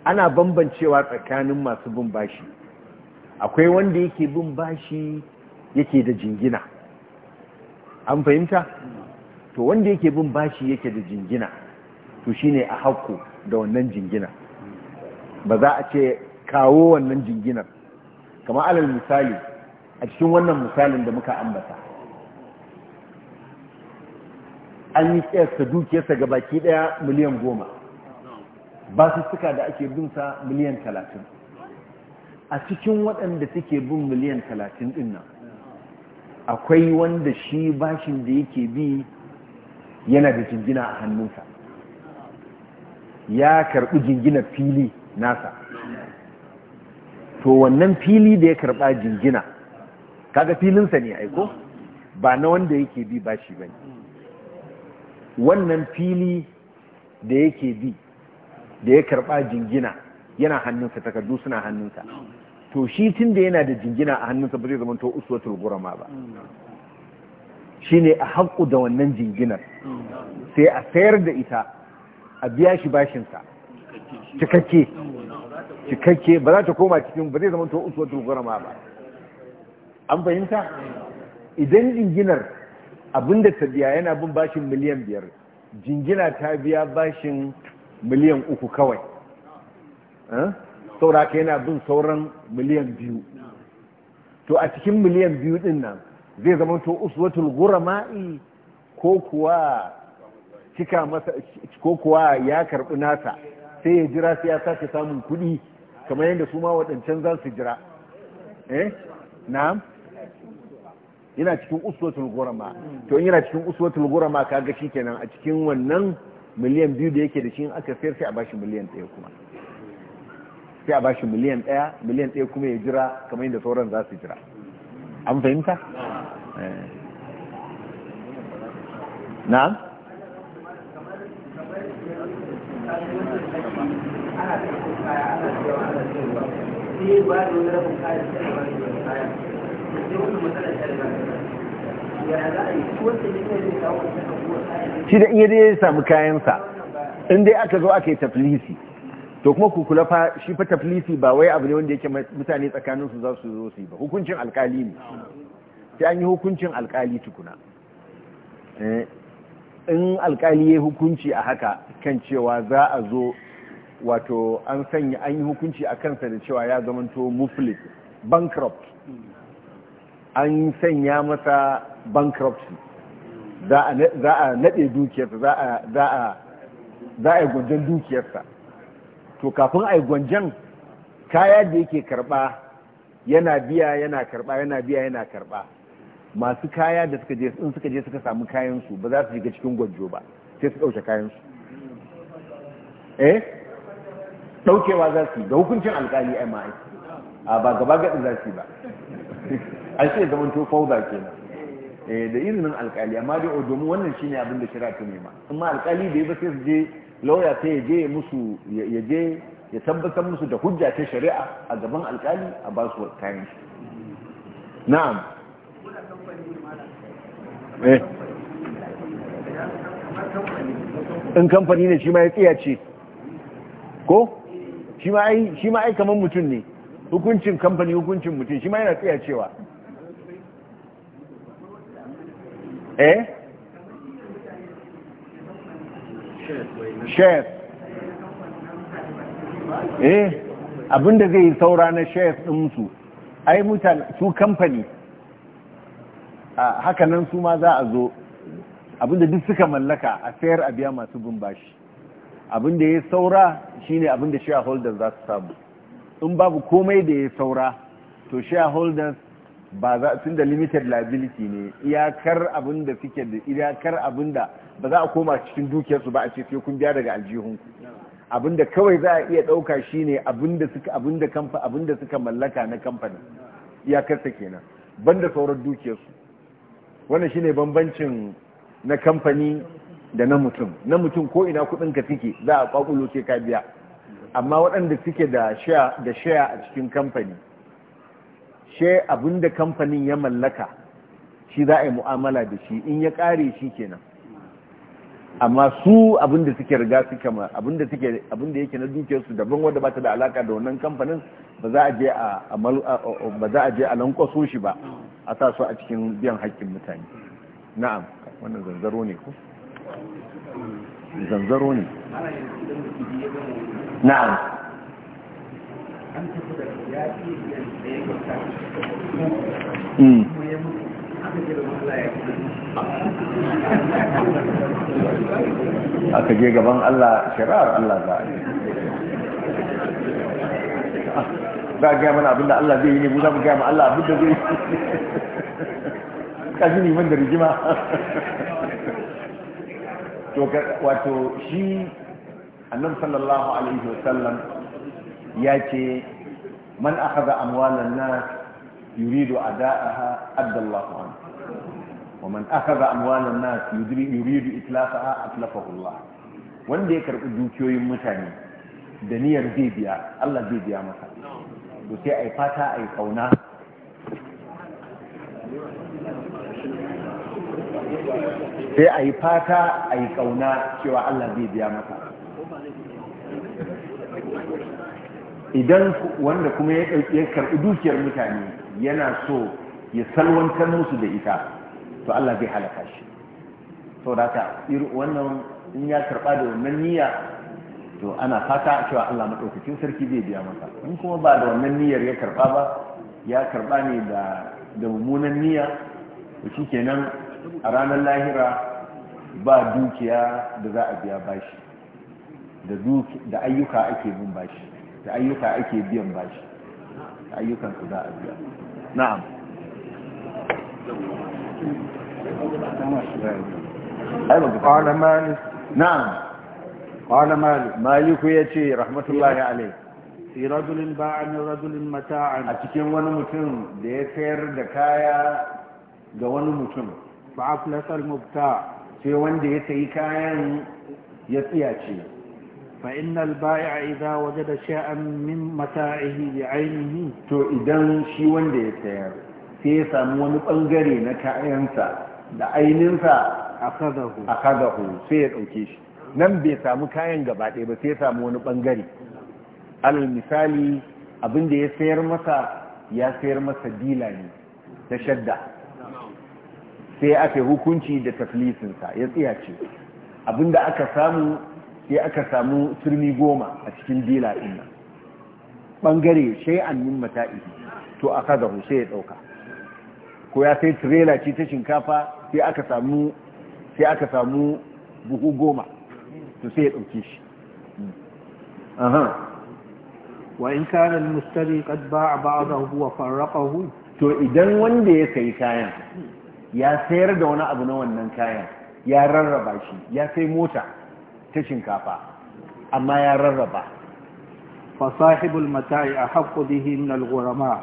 ana bambancewa tsakanin masu bin bashi akwai wanda yake bin bashi yake da jingina an fahimta to wanda yake bin bashi yake da jingina to shine a hakku da wannan jingina ba za a ce kawo wannan jinginar kamar alal misali a cikin wannan misalin da muka ambata an yi tsayarsa dukiyarsa ga baki daya miliyan goma ba su suka da ake sa miliyan talatin a cikin waɗanda suke bin miliyan talatin ɗin akwai wanda shi bashin da yake bi yana da jingina a hannunsa ya karɓi jingina fili nasa to wannan fili da ya karɓa jingina kaga filinsa ne aiko ba na wanda yake bi bashi ba ne wannan fili da yake bi da ya karɓa jingina yana hannunsa takardu suna hannunsa to shi tun da yana da jingina a hannunsa ba zai zama to uswatul gurama ba shi ne a haƙƙu da wannan jinginar sai a sayar da ita a biya shi bashinsa cikakke cikakke ba za ta koma cikin ba zai zama to uswatul gurama ba an fahimta idan jinginar abinda ta biya yana bin bashin miliyan biyar jingina ta biya bashin miliyan uku kawai eh? Sauraka yana bin sauran miliyan biyu to a cikin miliyan biyu din nan zai zama to uswatul gurama'i ko kuwa cika masa ko kuwa ya karbi nasa sai ya jira sai ya sake samun kuɗi kamar yadda su ma waɗancan za su jira eh na'am yana cikin uswatul gurama to yana cikin uswatul gurama kaga shikenan a cikin wannan miliyan biyu da yake da shi aka sayar sai a bashi miliyan ɗaya kuma sai a bashi miliyan ɗaya miliyan ɗaya kuma ya jira kamar yadda sauran za su jira an fahimta? Eh. na. shi da iya dai ya samu kayansa in dai aka zo aka yi tafilisi to kuma ku kula fa shi fa taflisi ba wai abu ne wanda yake mutane tsakanin su za su zo su yi ba hukuncin alkali ne sai an yi hukuncin alkali tukuna eh, in alkali ya hukunci a haka kan cewa za a zo wato an sanya an yi hukunci a kansa da cewa ya zama to muflis bankrupt an sanya masa bankruptcy za a naɗe dukiyarsa za a yi gwajen dukiyarsa to kafin a yi gwanjan kaya da yake karba yana biya yana karba yana biya yana karba masu kaya da suka je in suka je suka samu kayan su ba za su shiga cikin gwanjo ba sai su dauke kayan su eh daukewa za su da hukuncin alkali ai ma a ba gaba gadin za su ba ai sai zaman to fauda kenan eh da izinin alkali amma dai oh, domin wannan shine abin da shari'a ta nema amma alkali bai ba sai su je lauya sai ya je musu ya je ya tabbatar musu da hujja ta shari'a a gaban alkali a ba su kayan shi na'am eh. in kamfani ne shi ma ya ce ko shi ma ai kamar mutum ne hukuncin kamfani hukuncin mutum shi ma yana cewa eh chef eh abinda zai yi saura na chef ɗinsu ai mutane su kamfani nan su ma za a zo abinda duk suka mallaka a sayar a biya masu bin bashi abinda ya saura shine abinda shareholders za su samu in babu komai da ya saura to shareholders ba za a da limited liability ne iyakar abin da suke da iyakar abin da ba za a koma cikin dukiyarsu ba a ce sai kun biya daga aljihunku abin da kawai za a iya ɗauka shine abin da suka abin da kamfa abin da suka mallaka na kamfanin ta kenan banda sauran dukiyarsu wannan shine bambancin na kamfani da na mutum na mutum ko ina kuɗin ka suke za a kwakulo sai ka biya amma waɗanda suke da share da share a cikin kamfani she abinda kamfanin ya mallaka shi za a yi mu'amala da shi in ya kare shi kenan amma su abinda suke riga suke ma abinda suke abinda yake na dukiyar su daban wanda ba ta da alaka da wannan kamfanin ba za a je a ba za a je a lankwaso shi ba a sa su a cikin biyan haƙƙin mutane na'am wannan zanzaro ne ko zanzaro ne na'am Hmm. aka je gaban Allah shari'ar Allah za a yi za a gaya mana abinda Allah zai yi ne mu za mu gaya mana Allah abinda zai yi kaji neman da rigima wato shi annan sallallahu alaihi wasallam ya ce man ga amwalan na yuridu a ada'aha addallahu an wa man ga amwalan na yuridu itlafaha atlafahu Allah wanda ya karɓi dukiyoyin mutane da niyyar zai biya Allah zai biya masa to sai yi fata a yi kauna sai a yi fata a yi kauna cewa Allah zai biya masa idan wanda kuma ya karɓi dukiyar mutane yana so ya salwantar musu da ita to Allah zai halaka shi to da ka wannan in ya karɓa da wannan niyya to ana fata cewa Allah maɗaukakin sarki zai biya masa in kuma ba da wannan niyyar ya karɓa ba ya karɓa ne da da mummunan niyya to shikenan a ranar lahira ba dukiya da za a biya bashi da ayyuka ake bin bashi da ayyuka ake biyan bashi da ayyukansu za a biya na'am na'am kwanan maliku ya ce rahmatullahi alai fi radulin ba'an radulin mata'an a cikin wani mutum da ya sayar da kaya ga wani mutum ba a fulasar mubta sai wanda ya sayi kayan ya tsiya ce. فإن البائع إذا وجد شيئا من متاعه ainihi. to idan shi wanda ya sayar sai ya samu wani bangare na kayansa da ainihinsa akadahu akadahu sai ya ɗauke shi nan bai samu kayan gaba ɗaya ba sai ya samu wani bangare alal misali abin da ya sayar masa ya sayar masa dila ne ta shadda sai aka hukunci da taflisinsa ya tsiyace abin da aka samu sai aka samu turmi goma a cikin dila ɗin nan ɓangare shay'an min mata'i to aka ga sai ya ɗauka ko ya sai tirela ce ta shinkafa sai aka samu sai aka samu buhu goma to sai ya ɗauke shi wa in kana al-mustari qad ba'a ba'dahu wa farraqahu to idan wanda ya sayi kayan ya sayar da wani abu na wannan kayan ya rarraba shi ya sai mota ta shinkafa amma ya rarraba fasahibul mata'i a haƙƙo bihi min al-ghurama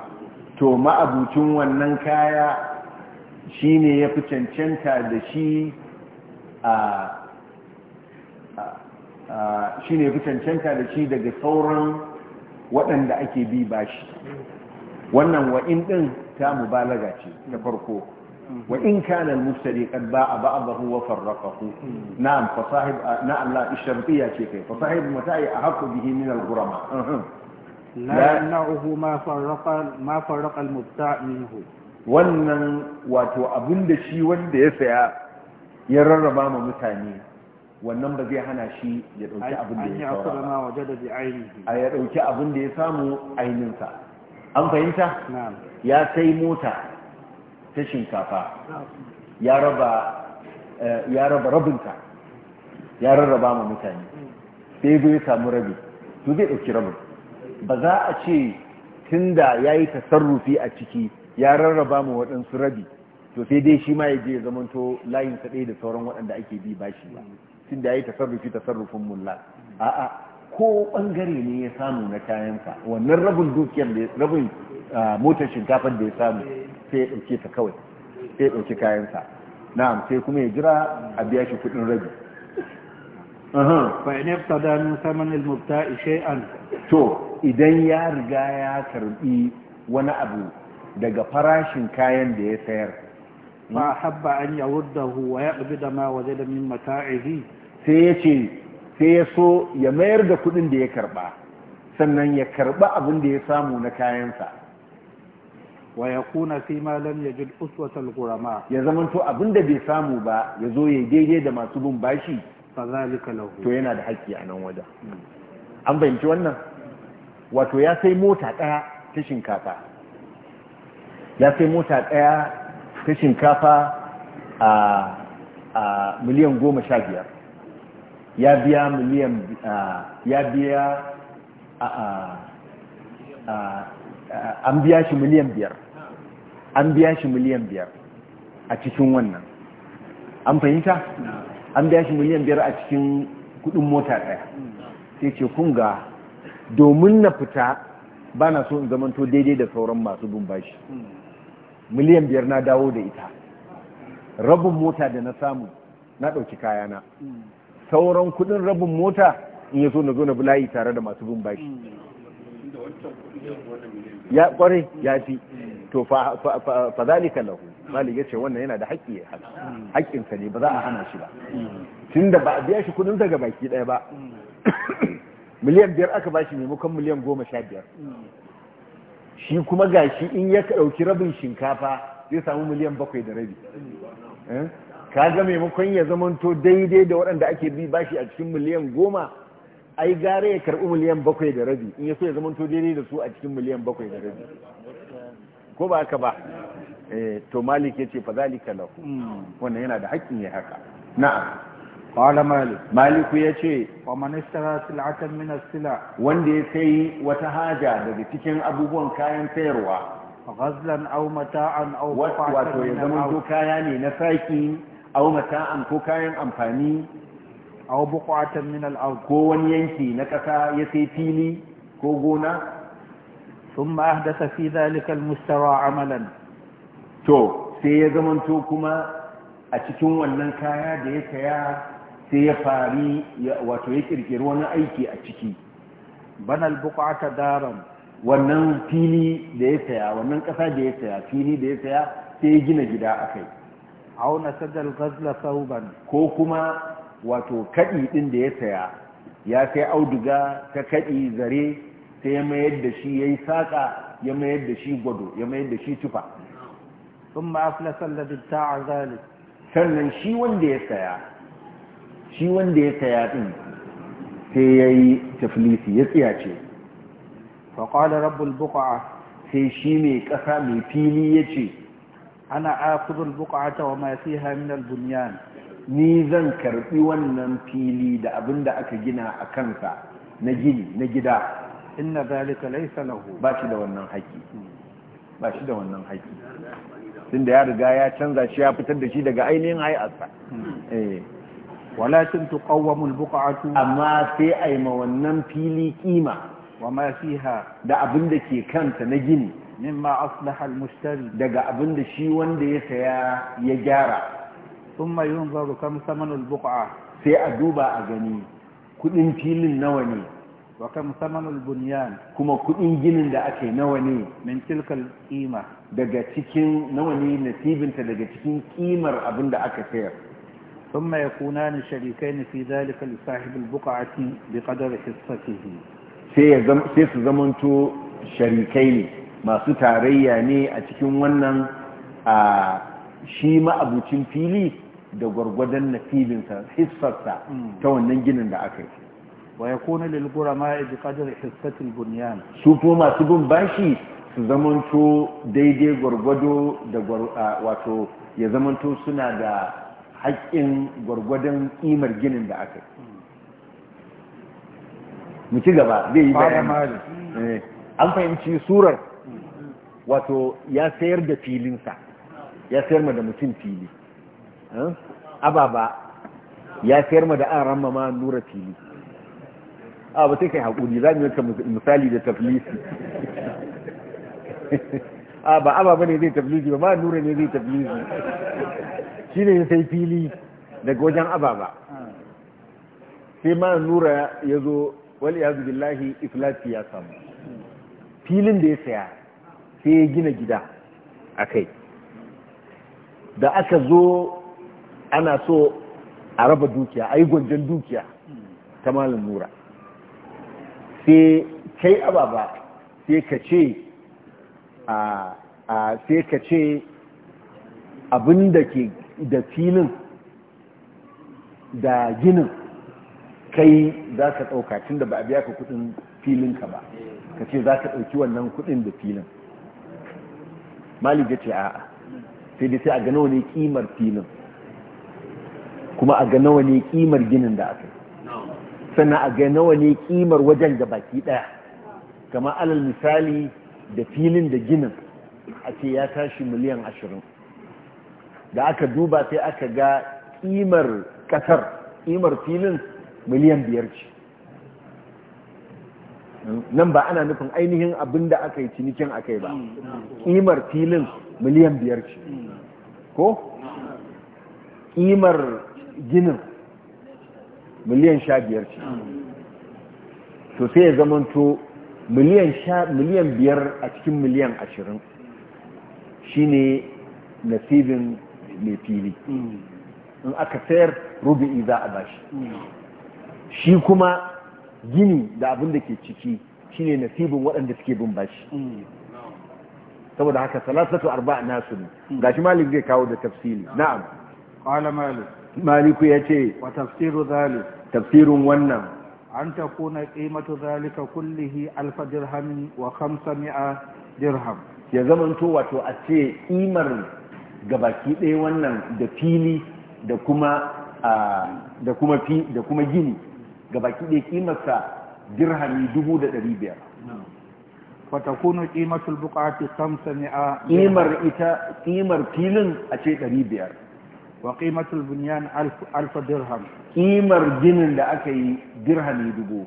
to ma'abucin wannan kaya shine ya cancanta da shi a shi ne fi cancanta da shi daga sauran waɗanda ake bi bashi wannan wa'in ɗin ta mubalaga ce na farko وإن كان المشتري قد باع بعضه وفرقه نعم فصاحب نعم لا الشرطية شيخي فصاحب المتاع أحق به من الغرماء لا يمنعه ما فرق ما فرق المبتاع منه wannan wato abin da shi wanda ya saya ya rarraba ma mutane wannan ba zai hana shi ya dauki abin da ya samu a ya dauki abin da ya samu ainihinsa an fahimta ya sai mota ta shinkafa ya raba eh, rabinka ya rarraba ma mutane sai zai ya samu rabi to zai ɗauki rabin ba za a ce tun da ya yi tasarrufi a ciki ya rarraba ma waɗansu rabi to sai dai shi ma ya je zamanto layin sa da sauran waɗanda ake bi bashi ba tun da ya yi tasarrufi tasarrufin mulla a'a ko ɓangare ne ya samu na kayansa wannan rabin dukiyar da rabin ah, motar shinkafar da ya samu sai ya ɗauke ta kawai sai ya ɗauke kayansa na'am sai kuma ya jira a biya shi kuɗin rabi fa in ibtada min saman al ishe shay'an to idan ya riga ya karbi wani abu daga farashin kayan da ya sayar ma hmm? habba an yawdahu wa da ma da min sai yace sai ya so ya mayar da kuɗin da ya karba sannan ya karba abin da ya samu na kayansa wa ya kuna fi malam ya yajid uswatal gurama ya zamanto abinda bai samu ba ya zo ya daidai da masu bin bashi fa zalika to yana da haƙƙi a nan wajen an fahimci wannan wato ya sai mota ɗaya ta shinkafa ya sai mota ɗaya ta shinkafa a miliyan goma sha biyar ya biya miliyan ya biya a an biya shi miliyan biyar an biya shi miliyan biyar a cikin wannan an fahimta an biya shi miliyan biyar a cikin kudin mota daya sai ce kun ga domin na fita ba na so in zamanto daidai da sauran masu bin miliyan biyar na dawo da ita rabin mota da na samu na ɗauki kayana sauran kudin rabin mota in ya so na zo na layi tare da masu bin ya kware ya fi to fa zalika lahu malik yace wannan yana da haƙƙi haƙƙin sa ne ba za a hana shi ba tunda ba a biya shi kudin daga baki daya ba miliyan biyar aka bashi maimakon miliyan goma sha biyar shi kuma gashi in ya ɗauki rabin shinkafa zai samu miliyan bakwai da rabi eh? ka ga maimakon ya zamanto daidai da waɗanda ake bi bashi a cikin miliyan goma ai gare ya karɓi miliyan bakwai da rabi in ya so ya zamanto daidai da su a cikin miliyan bakwai da rabi ko ba haka ba eh, to malik ya ce fa zalika lahu wannan yana da haƙƙin ya haka na'am qala Malik. Maliku ya ce, Wa istara silatan min sila wanda ya sai wata haja daga cikin abubuwan kayan sayarwa. Ghazlan aw mata'an aw wato ya zama to kaya ne na saki aw mata'an ko kayan amfani aw buqatan min al ko wani yanki na kasa ya sai fili ko gona thumma ahdatha fi dhalika al-mustawa amalan to sai ya zamanto kuma a cikin wannan kaya da ya saya sai ya fari wato ya kirkiri wani aiki a ciki banal buqata daran wannan fili da ya saya wannan kasa da ya saya fili da ya saya sai ya gina gida akai auna sadal ghazla sauban ko kuma wato kaɗi ɗin da ya saya ya sai auduga ta kaɗi zare sai ya mayar da shi ya yi saƙa ya mayar da shi gwado ya mayar da shi tufa sun ma'afila salladin ta'a zali sannan shi wanda ya saya shi wanda ya saya ɗin sai ya yi tafilisi ya tsiyace faƙalar rabbul buka'a sai shi mai ƙasa mai fili ya ce ana akudul ta wa masu yi duniya. ni zan karbi wannan fili da abin da aka gina a kansa na gini na gida inna zalika laysa lahu ba shi da wannan haƙi ba shi da wannan haƙi da ya riga ya canza shi ya fitar da shi daga ainihin hayarsa hmm. eh walakin tuqawwamu albuqatu amma sai ai ma wannan fili kima wa ma fiha da abin da ke kanta na gini mimma aslaha almushtari daga abin da shi wanda ya saya ya gyara sun mayun kam samanul buƙa sai a duba a gani kudin filin nawa ne wa kam kuma kudin ginin da ake nawa ne min daga cikin nawa ne nasibinta daga cikin kimar abin da aka sayar ثم fi شريكين في ذلك لصاحب البقعة بقدر حصته sai su zamanto sharikai ne masu tarayya ne a cikin wannan a shi ma'abucin fili da gwargwadon nasibinsa hisfarsa hmm. ta wannan ginin da aka yi wa ya kone lalgura ma ya ji kadar hisfatin bunyan su kuma masu bin bashi su zamanto daidai gwargwado da wato ya zamanto suna da haƙƙin gwargwadon imar ginin da aka yi mu ci gaba zai yi mali. Eh, an fahimci surar wato ya sayar da filinsa ya sayar ma da mutum fili ababa ya sayar ma da an ramma ma nura fili a ah, ba sai kai haƙuri za mu yi misali da tafilisi a ah, ba ababa ne zai tafilisi ba ma nura ne zai tafilisi shi ne ya sai fili daga wajen ababa sai ma nura ya zo wal zubi lahi Islati ya samu filin da ya saya sai ya gina gida a kai da aka zo ana so a raba dukiya a yi gwanjon dukiya ta malin nura sai kai ababa sai ka ce a sai ka ce abin da ke da filin da ginin kai za ka ɗauka tun da ba a biya ka kudin filinka ba ka ce za ka ɗauki wannan kudin da filin malin ya ce a'a sai dai sai a gano ne kimar filin kuma a ga nawa ne kimar ginin da aka sannan a ga nawa ne kimar wajen da baki daya kama alal misali da filin da ginin a ce ya tashi miliyan ashirin da aka duba sai aka ga kimar kasar kimar filin miliyan biyar ce nan ba ana nufin ainihin abin da aka yi cinikin aka yi ba kimar filin miliyan biyar ce ko kimar ginin miliyan sha biyar ce to sai ya zamanto miliyan biyar a cikin miliyan ashirin shine nasibin mai fili in aka sayar rubi'i za a bashi shi kuma gini da abin da ke ciki shine nasibin waɗanda suke bin bashi saboda haka salasatu arba'a nasu ne gashi malik zai kawo da tafsiri na'am qala malik maliku ya ce wa tafsiru zalik tafsirin wannan an ta kuna qimatu zalika kullihi alfa dirham wa mi'a dirham ya zamanto wato a ce imar gabaki ɗaya wannan da fili da kuma da kuma fi da kuma gini gabaki ɗaya kimarsa dirhami 1500 fatakunu qimatul buqati 500 imar ita qimar filin a ce biyar. wa qimatul bunyan Alfa dirham kimar ginin da aka yi dirhami dubu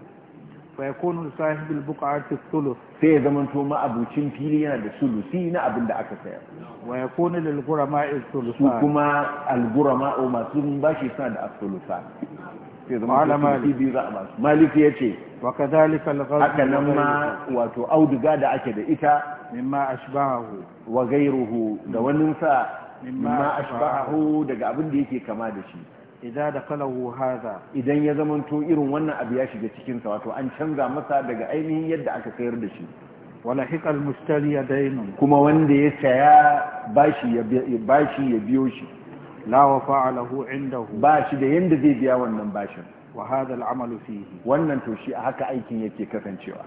fa yakunu sahibul buq'ati thuluth sai ya zama to ma'abucin fili yana da sulusi na abin da aka sayar wa yakunu lil ghurama'i thuluth kuma al ghurama'u masu bashi suna da thulutha sai zama ala maliki za a basu maliki ya ce wa kadhalika al-ghazal haka nan ma wato auduga da ake da ita mimma ashbahu wa ghayruhu da wani sa mimma ashba'ahu daga abin da yake kama da shi idza dakalahu hadha idan ya zamanto irin wannan abu ya shiga cikin sa wato an canza masa daga ainihin yadda aka sayar da shi wala hikal mustari daynun kuma wanda ya saya bashi ya bashi ya biyo shi la wa fa'alahu indahu bashi da yanda zai biya wannan bashin wa hadha al'amal fihi wannan to shi haka aikin yake kasancewa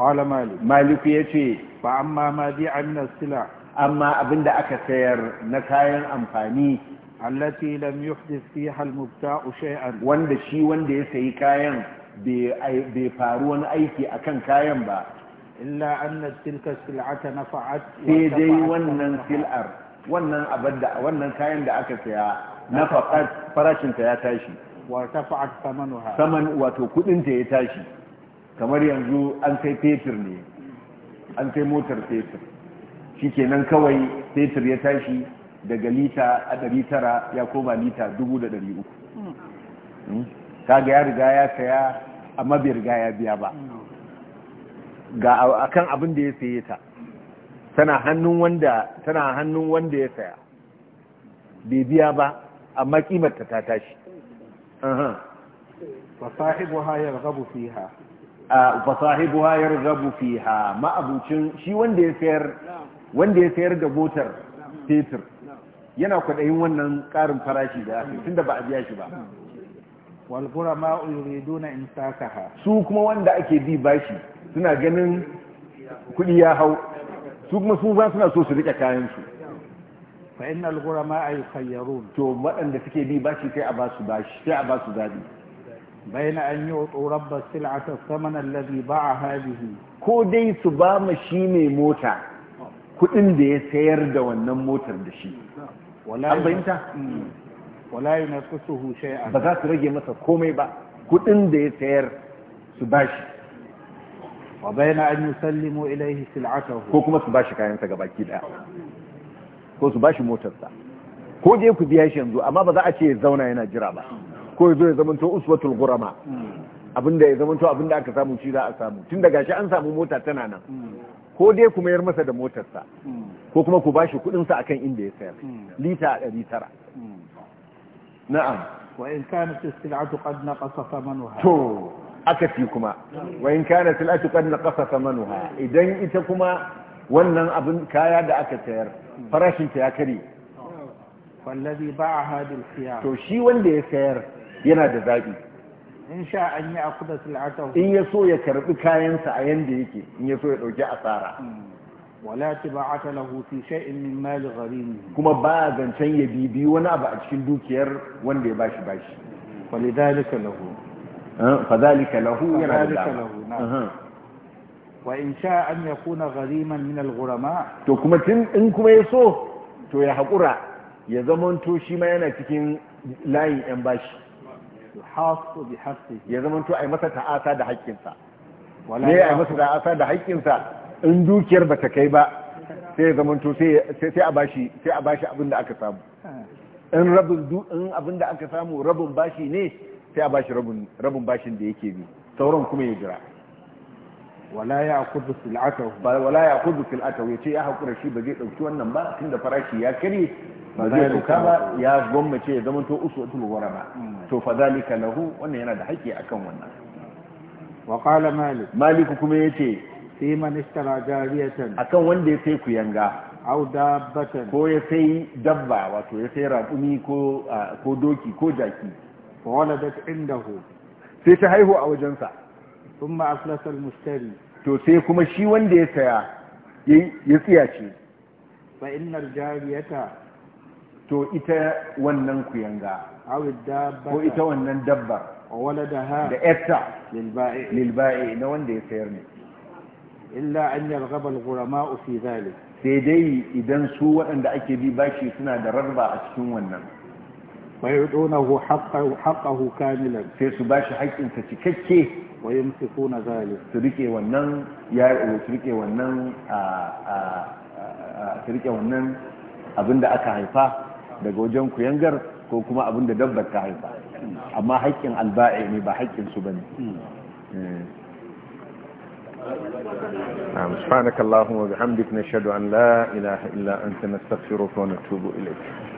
qala malik malik yace fa amma ma bi'a min as-sila' amma abin da aka sayar na kayan amfani allati lam yuhdith fiha al-mubta'u shay'an wanda shi wanda ya sayi kayan bai faru wani aiki akan kayan ba illa anna tilka sil'ata nafa'at sai dai wannan sil'ar wannan abadda wannan kayan da aka saya nafaqat farashin ta ya tashi wa tafa'at thamanuha saman wato kudin ta ya tashi kamar yanzu an kai fetur ne an kai motar fetur shikenan kawai fetur ya tashi daga lita a ɗari tara ya koma lita dubu da ɗari uku hmm? kaga ya riga ya saya amma bai riga ya biya ba ga akan abin da ya saye ta tana hannun wanda tana hannun wanda ya saya bai biya ba amma kimar ta tashi fasahibu ha fiha fasahibuha fiha ma'abucin shi wanda ya sayar wanda ya sayar da motar fetur yana kwaɗayin wannan ƙarin farashi da ake tun da ba a biya shi ba walgura ma yuriduna in saka ha. su kuma wanda ake bi bashi suna ganin kuɗi ya hau su kuma su ba suna so su rika kayan su fa inna algura ma yukhayyarun to waɗanda suke bi bashi sai a ba su bashi sai a ba su zabi بين أن يعطوا a السلعة Ko dai su به كودي سبام mai mota kudin da ya sayar da wannan motar da shi an fahimta hmm. wala yunqisuhu shay'an ba za su rage masa komai ba kudin da ya sayar su bashi wa bayana an yusallimu ilayhi sil'atahu ko kuma su bashi kayan sa baki daya ko su bashi motar sa ko je ku biya shi yanzu amma ba za a ce ya zauna yana jira ba ko ya zo ya zamanto uswatul gurama hmm. abinda ya zamanto abinda aka samu shi za a samu tun daga shi an samu mota tana nan hmm. ko dai kuma yar masa da motarsa ko kuma ku bashi kudinsa akan inda ya sayar lita a ɗari tara na'am wa in kana sil'atu qad naqasa thamanuha to aka fi kuma wa in kana sil'atu qad naqasa thamanuha idan ita kuma wannan abin kaya da aka sayar farashin ta ya kare wallazi ba'aha bil khiyar to shi wanda ya sayar yana da zabi in sha an yi akuda sil'atahu in ya so ya karbi kayansa a yadda yake in ya so ya dauki asara hmm. wala ba tibata lahu fi shay'in min mali gharim kuma ba zancen ya bibi wani abu a cikin dukiyar wanda ya bashi bashi walidhalika lahu fadhalika lahu yana da wa in sha an ya yakuna ghariman min al-ghurama to kuma tun in kuma ya so to ya hakura ya zama to shi ma yana cikin layin yan bashi yuhasu bi ya zama to ai masa ta'asa da haƙƙinsa ne ai masa ta'asa da haƙƙinsa in dukiyar bata kai ba sai a bashi sai da aka samu ah. in rabin du da aka samu rabin bashi ne sai a bashi rabin bashin da yake bi sauran kuma ya jira wala ya kudu sil'atahu wala ya kudu sil'atahu yace ya hakura shi ba zai wannan ba tunda farashi ya kare ba ya gwammace ya zama hmm. to wara ba. to fa zalika lahu wannan yana da haƙƙi akan wannan wa qala malik malik kuma yace sai man ishtara jariyatan akan wanda ya sai kuyanga aw dabbatan ko ya sai dabba wato ya sai raƙumi ko ko doki ko jaki fa waladat indahu sai ta haihu a wajensa thumma aflasa al-mushtari to sai kuma shi wanda ya saya ya tsiyace fa innar jariyata to ita wannan kuyanga ko ita wannan dabbar da yarta lilba'i na wanda ya sayar ne illa an yargaba al-ghurama fi sai dai idan su waɗanda ake bi bashi suna da rarba a cikin wannan ويعطونه حقه حقه كاملا في su حق انت تككي ويمسكون ذلك تريكي ونن يا تريكي ونن تريكي ونن abinda aka haifa daga wajen yangar ko kuma abin da dabbar ta haifa amma haƙƙin alba'i ne ba haƙƙin su bane سبحانك اللهم وبحمدك نشهد أن لا إله إلا أنت نستغفرك ونتوب إليك